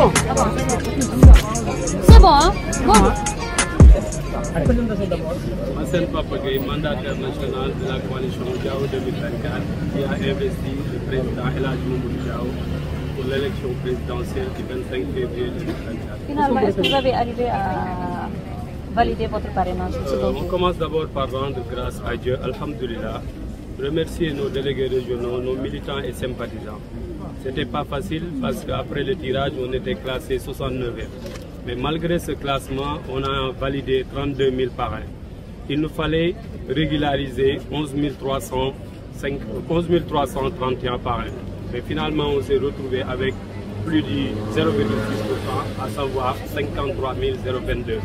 bon. C'est bon, hein Bon. Hassan Papagay, mandataire national de la coalition Jao 2024, qui a investi le président Elhaj Moumoud pour l'élection présidentielle du 25 février 2024. Finalement, est-ce que vous avez arrivé à valider votre parrainage euh, On commence d'abord par rendre grâce à Dieu, Alhamdulillah, remercier nos délégués régionaux, nos militants et sympathisants n'était pas facile parce qu'après le tirage, on était classé 69e. Mais malgré ce classement, on a validé 32 000 parrains. Il nous fallait régulariser 11 11 331 parrains. Mais finalement, on s'est retrouvé avec plus de 0,6%, à savoir 53 022.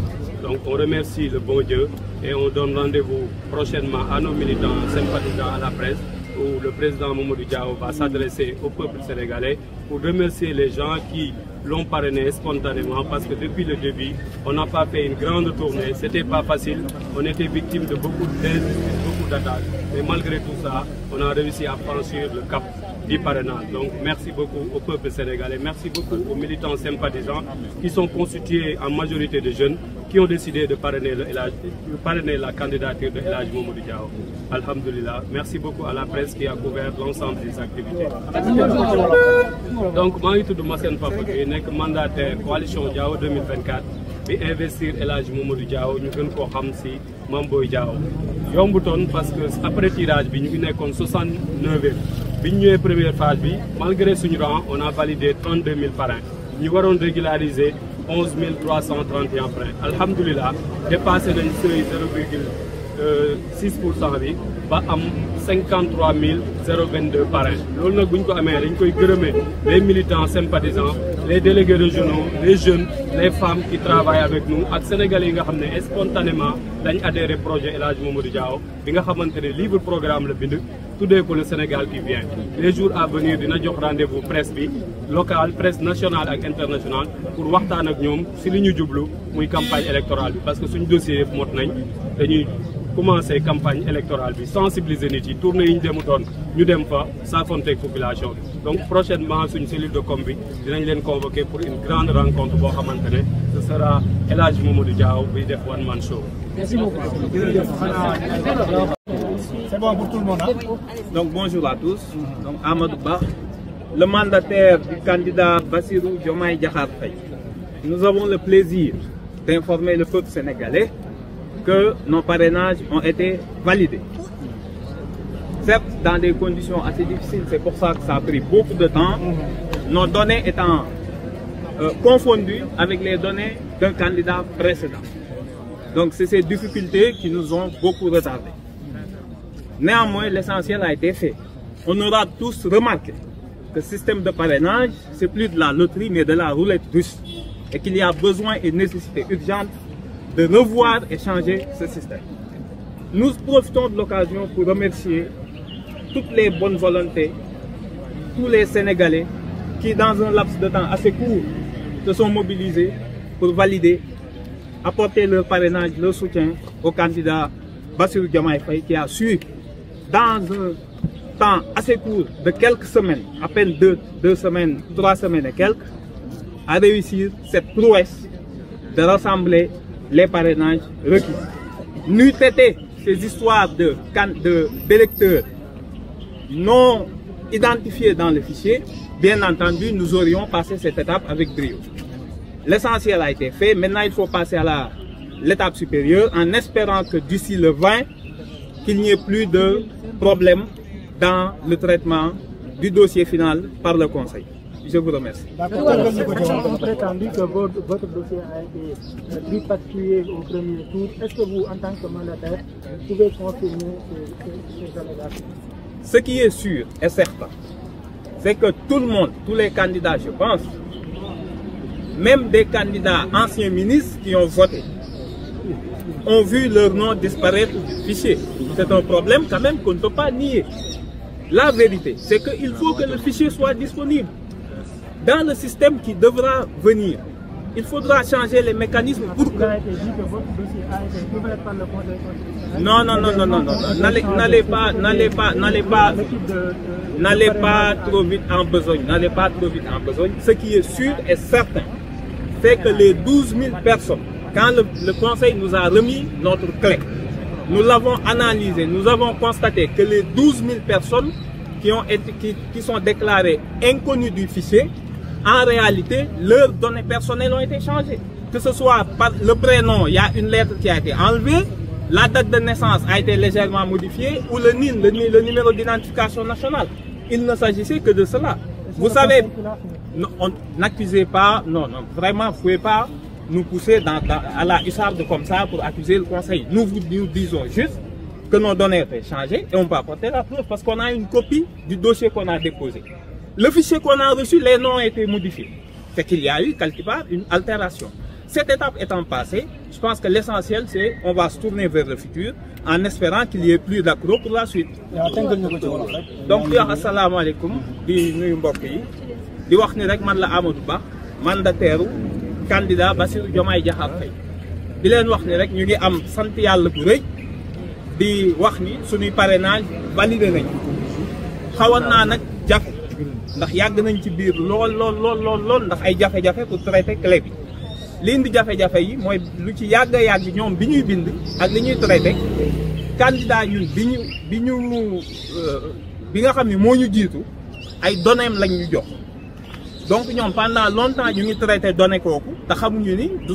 Donc on remercie le bon Dieu et on donne rendez-vous prochainement à nos militants sympathisants à la presse où le président Mamadou Diao va s'adresser au peuple sénégalais pour remercier les gens qui l'ont parrainé spontanément parce que depuis le début, on n'a pas fait une grande tournée, ce n'était pas facile, on était victime de beaucoup de de beaucoup d'attaques, mais malgré tout ça, on a réussi à franchir le cap du parrainage. Donc merci beaucoup au peuple sénégalais, merci beaucoup aux militants des gens qui sont constitués en majorité de jeunes qui ont décidé de parrainer, la candidature de Elage Moumoudou Diao. Alhamdulillah, merci beaucoup à la presse qui a couvert l'ensemble des activités. Donc, moi, je suis Massène Papa, je suis mandataire coalition Diao 2024. pour investir El Hadj Mamadou Diaw ñu gën koo xam si Mame Boye Diaw yombutoon parce que après tirage nous ñu 69 69 Nous la bi première phase malgré ce rang on a validé 32 000 parrains Nous avons régulariser. 11 331 freins Alhamdulillah, dépassé de seuil 0,6 euh, pour 53 022 parrains Nous avons dit que ko amee les militants sympathisants les délégués régionaux les jeunes les femmes qui travaillent avec nous Au sénégalais ils nga spontanément dañ au projet Elage Hadj Mamadou Diaw bi nga livre programme le tout d'un coup, le Sénégal qui vient les jours à venir dina jox rendez-vous presse bi locale presse nationale et internationale pour voir ak si li ñu jublu une campagne électorale parce que ce dossier yëpp mot nañ dañuy campagne électorale bi sensibiliser les tourner une les gens, demu doon ñu dem fa la population donc prochainement sur une cellule de combi, nous dinañ leen convoquer pour une grande rencontre pour xamante ce sera El de Mamadou Diaw buy def one man show. merci beaucoup. Hein. Donc bonjour à tous. Donc Amadou le mandataire du candidat Bassirou Diomaye Diakhar Nous avons le plaisir d'informer le peuple sénégalais que nos parrainages ont été validés. Certes, dans des conditions assez difficiles, c'est pour ça que ça a pris beaucoup de temps. Nos données étant euh, confondues avec les données d'un candidat précédent. Donc c'est ces difficultés qui nous ont beaucoup retardés. Néanmoins, l'essentiel a été fait. On aura tous remarqué que le système de parrainage, c'est plus de la loterie, mais de la roulette russe. Et qu'il y a besoin et nécessité urgente de revoir et changer ce système. Nous profitons de l'occasion pour remercier toutes les bonnes volontés, tous les Sénégalais qui, dans un laps de temps assez court, se sont mobilisés pour valider, apporter leur parrainage, leur soutien au candidat Bassirou Faye qui a su dans un temps assez court de quelques semaines, à peine deux, semaines, trois semaines et quelques, à réussir cette prouesse de rassembler les parrainages requis. Nous traiter ces histoires d'électeurs de, de non identifiés dans le fichier, bien entendu, nous aurions passé cette étape avec brio. L'essentiel a été fait, maintenant il faut passer à l'étape supérieure en espérant que d'ici le 20, qu'il n'y ait plus de problème dans le traitement du dossier final par le Conseil. Je vous remercie. On prétendu que votre, dossier a été tripatouillé au premier tour. Est-ce que vous, en tant que mandataire, pouvez confirmer ces allégations Ce qui est sûr et certain, c'est que tout le monde, tous les candidats, je pense, même des candidats anciens ministres qui ont voté ont vu leur nom disparaître du fichier. C'est un problème quand même qu'on ne peut pas nier. La vérité, c'est qu'il faut que le fichier soit disponible. Dans le système qui devra venir, il faudra changer les mécanismes pour que... Non, non, non, non, non, non, n'allez pas, n'allez pas, n'allez pas, n'allez pas trop vite en besogne, n'allez pas trop vite en besogne. Ce qui est sûr et certain, c'est que les 12 000 personnes quand le, Conseil nous a remis notre clé, nous l'avons analysé, nous avons constaté que les 12 000 personnes qui, sont déclarées inconnues du fichier, en réalité, leurs données personnelles ont été changées. Que ce soit par le prénom, il y a une lettre qui a été enlevée, la date de naissance a été légèrement modifiée, ou le numéro d'identification nationale. Il ne s'agissait que de cela. Vous savez, n'accusez pas, non, vraiment, ne fouez pas nous pousser dans, à la hussarde comme ça pour accuser le conseil. Nous vous nous disons juste que nos données été changées et on peut apporter la preuve parce qu'on a une copie du dossier qu'on a déposé. Le fichier qu'on a reçu, les noms ont été modifiés. C'est qu'il y a eu quelque part une altération. Cette étape étant passée, je pense que l'essentiel, c'est on va se tourner vers le futur en espérant qu'il n'y ait plus d'accro pour la suite. donc di nuyu mbokk yi di wax ni rek man la Amadou Ba mandataire candidat Bassirou Diomaye Diakhar Faye di leen wax ni rek ñu ngi am sant yàlla bu rëy di wax ni suñuy parrainage validé nañ xawoon naa nag jafe ndax yàgg nañ ci biir lool lool lool lool ndax ay jafe-jafe pour traiter clé bi lii di jafe-jafe yi mooy lu ci yàgg yàgg ñoom bi ñuy bind ak li ñuy traité candidat ñun bi ñu bi ñu euh, bi nga xam ni moo ñu jiitu ay données lañ jox donc pendant longtemps ñu traité donné avons te xamuñu ni du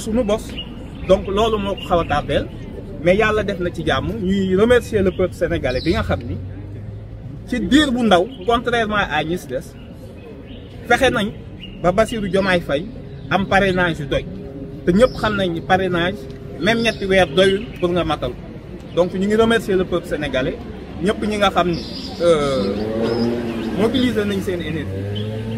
donc loolu moo ko que mais nous def le peuple sénégalais contrairement à Agnès Dess, nous nañ ba Bassirou nous avons parrainage Nous avons parrainage même ñetti pour donc nous ngi le peuple sénégalais nous ñi euh, mobiliser énergie